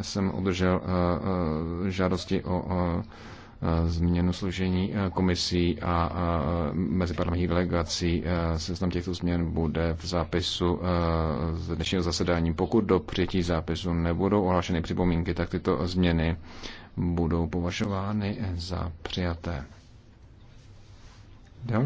jsem obdržel eh, eh, žádosti o eh, změnu služení komisí a meziparlamentních delegací. Seznam těchto změn bude v zápisu z dnešního zasedání. Pokud do přijetí zápisu nebudou ohlášeny připomínky, tak tyto změny budou považovány za přijaté.